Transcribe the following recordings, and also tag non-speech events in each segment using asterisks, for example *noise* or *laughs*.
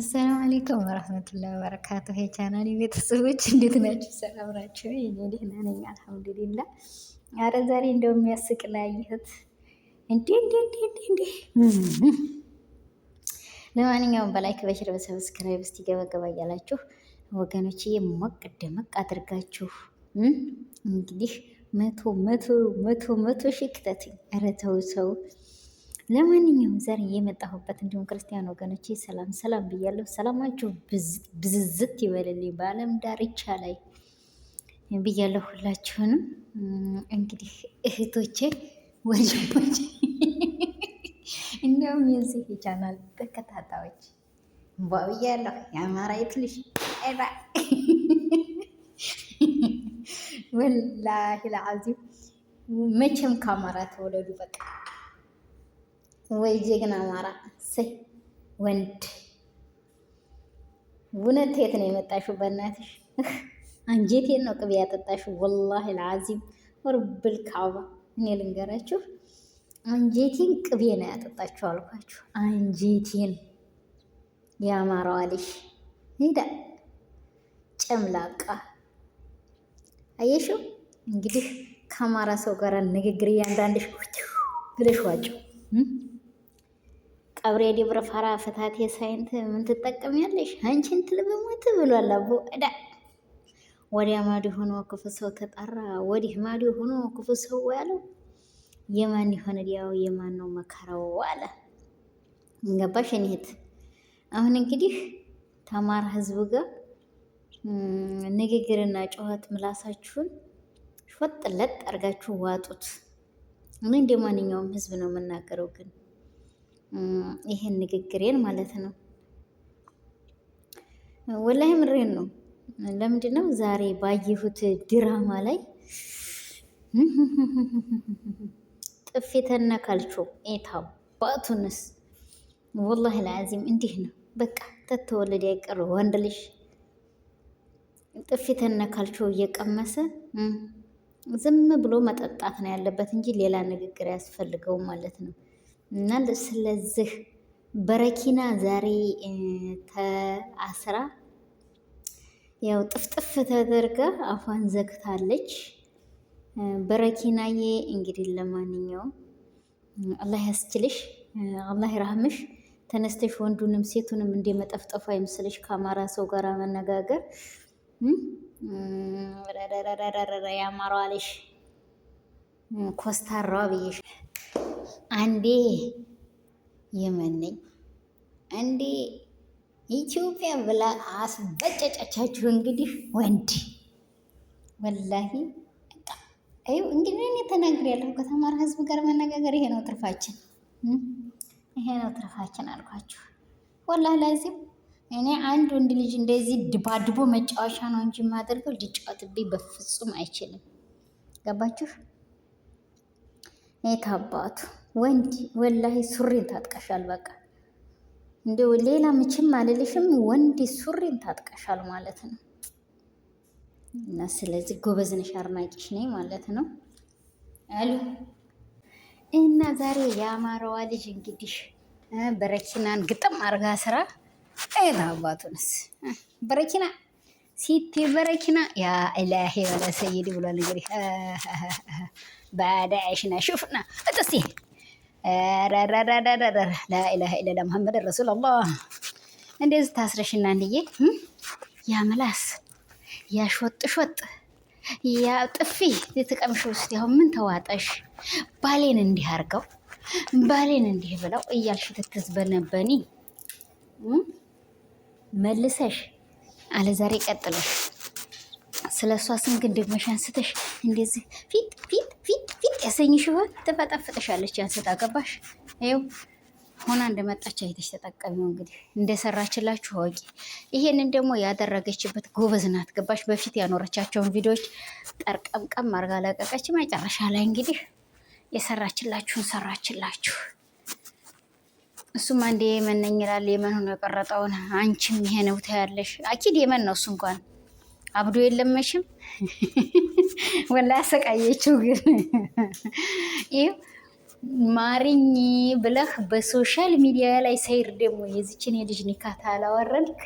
አሰላሙ አሌይኩም ወረህመቱላሂ ወበረካቱህ የቻናል ቤተሰቦች እንዴት ናችሁ? ሰላም ናችሁ? እኔ ደህና ነኝ አልሐምዱሊላህ። አረ ዛሬ እንደው የሚያስቅ ላየሁት እንዴ እንዴ እንዴ እንዴ! ለማንኛውም በላይክ በሽር በሰብስክራይብ እስቲ ገባገባ እያላችሁ ወገኖች ሞቅ ደመቅ አድርጋችሁ እንግዲህ መቶ መቶ መቶ መቶ ሺህ ክተትኝ። ኧረ ተው ሰው ለማንኛውም ዛሬ የመጣሁበት እንዲሁም ክርስቲያን ወገኖቼ ሰላም ሰላም ብያለሁ። ሰላማችሁ ብዝዝት ይበልልኝ በዓለም ዳርቻ ላይ ብያለሁ። ሁላችሁንም እንግዲህ እህቶቼ ወንድሞቼ፣ *laughs* እንዲሁም የዚህ የቻናል ተከታታዮች ብያለሁ። የአማራ ልጅ ባ *laughs* ወላሂ ለዓዚም መቼም ከአማራ ተወለዱ በቃ ወይ ጀግና አማራ ሰይ ወንድ ውነት የት ነው የመጣሽው? በእናትሽ አንጀቴን ነው ቅቤ ያጠጣሽው። ወላሂ ልዓዚም ወርብል ካባ እኔ ልንገራችሁ አንጀቴን ቅቤ ነው ያጠጣችሁ አልኳችሁ። አንጀቴን ያማረዋልሽ ሂዳ ጨምላቃ አየሽው። እንግዲህ ከአማራ ሰው ጋር ንግግር እያንዳንድሽ ብለሽ ዋጭው። ቀብሬ ዲብረ ፋራ ፍታት የሳይንት ምን ትጠቀሚያለሽ አንቺን ትልብሞት ብሏል አቦ እዳ ወዲያ ማዲ ሆኖ ክፉ ሰው ተጠራ። ወዲህ ማዲ ሆኖ ክፉ ሰው ያለው የማን ይሆን ዲያው የማን ነው መከራው አለ። እንገባሽ እኒሄት አሁን እንግዲህ ተማር ህዝብ ጋር ንግግርና ጨዋት ምላሳችሁን ሾጥ ለጥ አርጋችሁ ዋጡት። እኔ እንደ ማንኛውም ህዝብ ነው የምናገረው ግን ይሄን ንግግሬን ማለት ነው። ወላሂ ምሬን ነው። ለምንድን ነው ዛሬ ባየሁት ድራማ ላይ ጥፊ ተነካልችው ኤታው ባቱንስ ወላሂ ለአዚም እንዲህ ነው። በቃ ተተወለደ ያቀረ ወንድ ልጅ ጥፊ እየቀመሰ ዝም ብሎ መጠጣት ነው ያለበት እንጂ ሌላ ንግግር አያስፈልገውም ማለት ነው። እና ስለዚህ በረኪና ዛሬ ተአስራ ያው ጥፍጥፍ ተደርጋ አፏን ዘግታለች። በረኪናዬ እንግዲህ ለማንኛውም አላህ ያስችልሽ፣ አላህ ይራህምሽ። ተነስተሽ ወንዱንም ሴቱንም እንደ መጠፍጠፉ አይምስልሽ። ከአማራ ሰው ጋር መነጋገር ያማረዋልሽ ኮስታራዋ ብዬሽ አንዴ የመን ነኝ አንዴ ኢትዮጵያ ብላ አስበጨጨቻችሁ። እንግዲህ ወንድ ወላሂ እንግዲህ እኔ ተናግሬ ያለሁ ከተማረ ህዝብ ጋር መነጋገር ይሄ ነው ትርፋችን፣ ይሄ ነው ትርፋችን አልኳችሁ። ወላሂ ላዚም እኔ አንድ ወንድ ልጅ እንደዚህ ድባድቦ መጫወቻ ነው እንጂ የማደርገው ሊጫወትብኝ በፍጹም አይችልም። ገባችሁ? የታባቱ ወንድ ወላሂ ሱሪን ታጥቀሻል። በቃ እንደው ሌላ ምችም አልልሽም፣ ወንድ ሱሪን ታጥቀሻል ማለት ነው። እና ስለዚህ ጎበዝ ነሽ፣ አድናቂሽ ነኝ ማለት ነው አሉ እና ዛሬ የአማራዋ ልጅ እንግዲህ በረኪናን ግጥም አርጋ ስራ አይታ አባቱንስ በረኪና ሲቲ በረኪና ያ ኢላሂ ወላ ሰይዲ ብሏል። እንግዲህ ባዳ አይሽና ሹፍና እጥስቴ ላኢላሀ ኢለላ መሐመድ ረሱሉላህ። እንደዚህ ታስረሽና እንድዬ ያ ምላስ ያ ሾጥ ሾጥ ያ ጥፊ የተቀምሽ ውስጥ ምን ተዋጠሽ? ባሌን እንዲህ አርገው ባሌን እንዲህ ብለው እያልሽ ትትዝበነበኒ መልሰሽ አለ ዛሬ ቀጥለሽ ስለ እሷ ስም ግን ደግመሽ አንስተሽ እንደዚህ ፊት ፊት ፊት ፊት ያሰኝሽ ይሆን ትፈጠፍጥሻለች። ያንስታ ገባሽ? ይኸው ሆና እንደመጣች አይተሽ ተጠቀሚው። እንግዲህ እንደሰራችላችሁ ወቂ። ይሄንን ደግሞ ያደረገችበት ጎበዝ ናት። ገባሽ? በፊት ያኖረቻቸውን ቪዲዮዎች ጠርቀምቀም አርጋ ለቀቀች። መጨረሻ ላይ እንግዲህ የሰራችላችሁን ሰራችላችሁ። እሱም አንድ የመን ነኝ ይላል። የመን ሆኖ የቀረጠውን አንቺም ይሄ ነው ታያለሽ። አኪድ የመን ነው እሱ እንኳን አብዶ የለም መሽም *laughs* ወላ ያሰቃየችው ግን ይህ ማሪኝ ብለህ በሶሻል ሚዲያ ላይ ሰይር ደግሞ የዚችን የልጅ ኒካታ አላወረድክ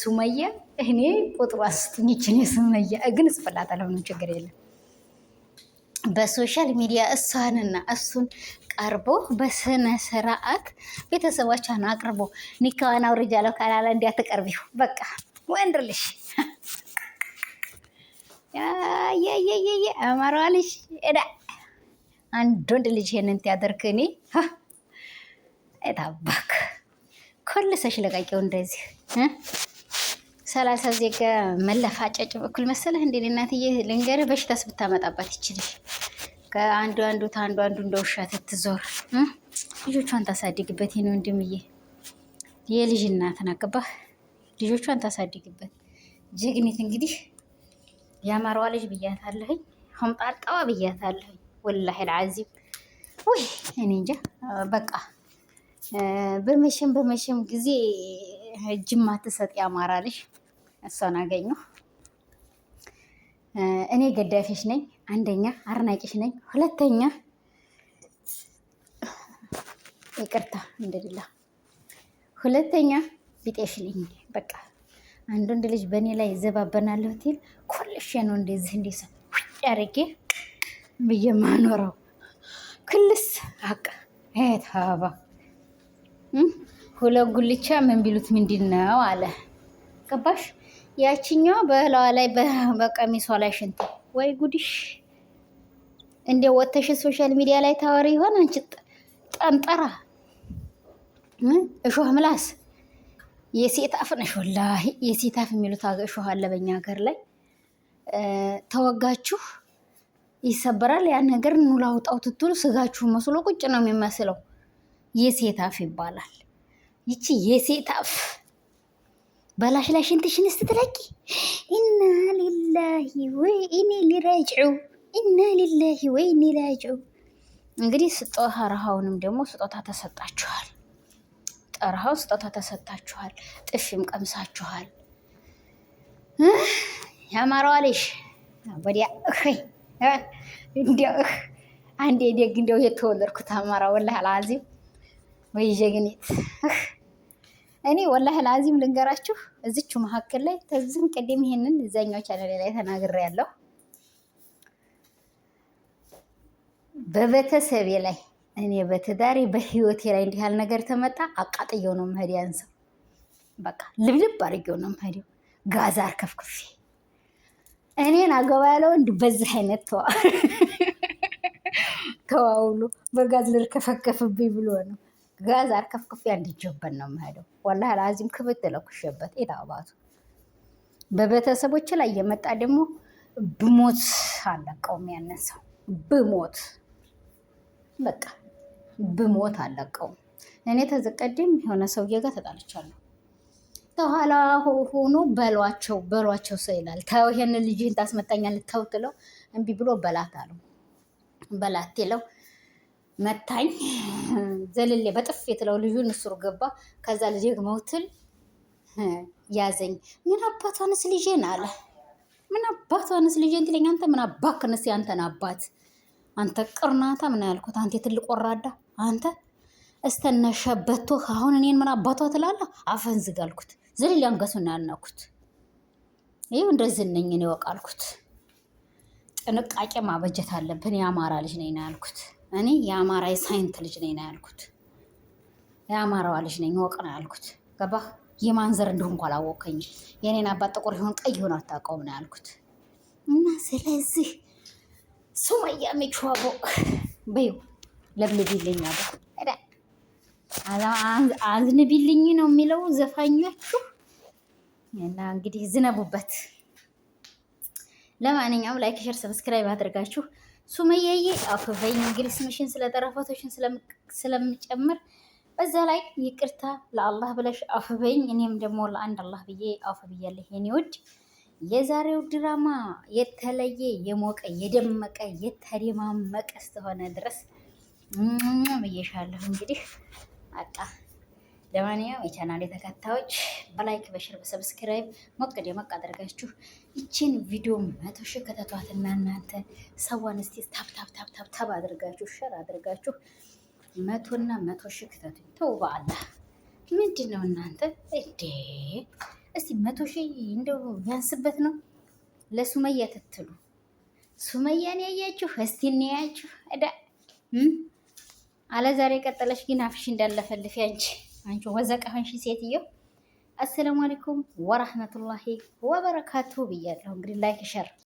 ሱመያ፣ እኔ ቁጥሩ አስቱኝ የሱመያ ግን እጽፍላታለሁ። ነው ችግር የለም። በሶሻል ሚዲያ እሷንና እሱን ቀርቦ በስነ ስርዓት ቤተሰቦቿን አቅርቦ ኒካዋን አውርጃለሁ ካላለ እንዲያትቀርቢው በቃ ወንድልሽ አማራ ልጅ እዳ አንድ ወንድ ልጅ ይሄንን ያደርክ እኔ ኮልሰሽ ለቃቂው እንደዚህ ሰላሳ ዜጋ መለፋጨጭ በኩል መሰለህ እንዴ? እናትዬ ልንገርህ፣ በሽታስ ብታመጣባት ይችልሽ ከአንዱ አንዱ ታንዱ አንዱ እንደ ውሻ ትትዞር ልጆቿን ታሳድግበት። ይሄን ወንድምዬ የልጅ እናት ናቅባህ ልጆቿን ታሳድግበት። ጀግኒት እንግዲህ የአማራዋ ልጅ ብያታለሁኝ፣ ሆምጣጣዋ ብያታለሁኝ። ወላሂ ልዓዚም ውይ እኔ እንጃ በቃ በመሸም በመሸም ጊዜ እጅማ ትሰጥ የአማራ ልጅ እሷን አገኘሁ። እኔ ገዳፊሽ ነኝ፣ አንደኛ አርናቂሽ ነኝ፣ ሁለተኛ ይቅርታ እንደሌላ ሁለተኛ ቢጤሽ ነኝ በቃ አንድ ወንድ ልጅ በእኔ ላይ ይዘባበናለሁ ትል ኮልሽ ነው እንደዚህ እንዲሰ ሰው ያረጌ ብዬ ማኖረው ክልስ አቀ ታባ ሁለት ጉልቻ ምን ቢሉት ምንድን ነው አለ ገባሽ? ያችኛዋ በላዋ ላይ በቀሚሷ ላይ ሽንት ወይ ጉድሽ! እንደ ወተሽ ሶሻል ሚዲያ ላይ ታወሪ ይሆን አንቺ ጠንጠራ እሾህ ምላስ የሴት አፍ ነሽ ወላሂ የሴት አፍ የሚሉት እሾህ አለ በኛ ሀገር ላይ ተወጋችሁ ይሰበራል። ያን ነገር ኑላውጣው ትትሉ ስጋችሁ መስሎ ቁጭ ነው የሚመስለው። የሴት አፍ ይባላል። ይቺ የሴት አፍ በላሽ ላይ ሽንትሽን ስትለቂ ኢና ሊላሂ ወኢኒ ሊራጅዑ ኢና ሊላሂ ወኢኒ ሊራጅዑ። እንግዲህ ስጦታ ረሃውንም ደግሞ ስጦታ ተሰጣችኋል። ጠራኸው፣ ስጦታ ተሰጥታችኋል፣ ጥፊም ቀምሳችኋል። ያማረዋልሽ ወዲያ እንዲያው አንዴ ደግ እንዲያው የተወለድኩት አማራ ወላሂ አልዓዚም ወይ ጀግኒት እኔ ወላሂ አልዓዚም ልንገራችሁ፣ እዚቹ መካከል ላይ ተዝም ቅድም ይሄንን እዛኛው ቻናል ላይ ተናግሬያለሁ በቤተሰቤ ላይ እኔ በትዳሬ በህይወቴ ላይ እንዲህ ያለ ነገር ተመጣ አቃጥየው ነው መሄድ። ያን ሰው በቃ ልብልብ አድርጌው ነው መሄደው፣ ጋዛ አርከፍክፌ እኔን አገባ ያለው እንዲ በዚህ አይነት ተዋ *laughs* ተዋውሎ በጋዝ ልርከፈከፍብኝ ብሎ ነው። ጋዝ አርከፍክፌ አንድ ነው መሄደው። ወላሂ ለአዚም ክብት ተለኩሸበት የታባቱ በቤተሰቦች ላይ የመጣ ደግሞ ብሞት አለቀውም ያነሰው ብሞት በቃ ብሞት አለቀው። እኔ ተዘቀደም የሆነ ሰውዬ ጋር ተጣልቻለሁ። ከኋላ ሆኖ በሏቸው በሏቸው ሰው ይላል። ተው ይሄን ልጅህን ታስመታኛለህ ተው ትለው እምቢ ብሎ በላት አሉ በላት ይለው መታኝ ዘልሌ በጥፍ የትለው ልጁን እሱር ገባ። ከዛ ልጅ መውትል ያዘኝ። ምን አባቷንስ ልጄን አለ ምን አባቷንስ ልጄን ትለኝ አንተ ምን አባክንስ ያንተን አባት አንተ ቅርናታ ምን ያልኩት አንተ የትልቅ ወራዳ አንተ እስተነሸበቶ አሁን እኔን ምን አባቷ ትላለህ? አፈንዝግ አልኩት። ዝልል አንገቱን ያልነኩት ይህ እንደዚህ ነኝ እኔ ወቅ ጥንቃቄ ማበጀት አለብን። የአማራ ልጅ ነኝ ነው ያልኩት። እኔ የአማራ የሳይንት ልጅ ነኝ ነው ያልኩት። የአማራዋ ልጅ ነኝ ወቅ ነው ያልኩት። ገባህ? የማንዘር እንደሆን እንኳ አላወቀኝም። የእኔን አባት ጥቁር ይሆን ቀይ ይሆን አታውቀውም ነው ያልኩት እና ስለዚህ ሱመያ መችዋ ቦ በዩ ለምልቢልኝ አቦ አዝንቢልኝ ነው የሚለው ዘፋኛችሁ እና እንግዲህ ዝነቡበት። ለማንኛውም ላይክ፣ ሸር፣ ሰብስክራይብ አድርጋችሁ ሱመያዬ አፈበኝ እንግሊዝ ምሽን ስለጠረፋቶችን ስለምጨምር በዛ ላይ ይቅርታ ለአላህ ብለሽ አፈበኝ። እኔም ደግሞ ለአንድ አላህ ብዬ አፈብያለሁ የኔ ውድ የዛሬው ድራማ የተለየ የሞቀ የደመቀ የተደማመቀ እስከሆነ ድረስ ብዬሻለሁ። እንግዲህ በቃ ለማንኛውም የቻናል ተከታዮች በላይክ በሽር በሰብስክራይብ ሞቅ ደመቅ አድርጋችሁ ይችን ቪዲዮ መቶ ሺህ እና እናንተ ሰዋን እስቲ ታብታብታብታብ አድርጋችሁ ሸር አድርጋችሁ መቶና መቶ ሺህ ክተቱ። ተው በአላህ ምንድን ነው እናንተ እንዴ? እስቲ መቶ ሺህ እንደው ያንስበት ነው ለሱመያ ትትሉ ሱመያን ያያችሁ እስቲ እንያችሁ እዳ አለ ዛሬ ቀጠለሽ ግን አፍሽ እንዳለፈልፊ አንቺ አንቺ ወዘቃፈንሽ ሴትዮ። አሰላሙ አለይኩም ወራህመቱላሂ ወበረካቱ ብያለሁ። እንግዲህ ላይክ ሸር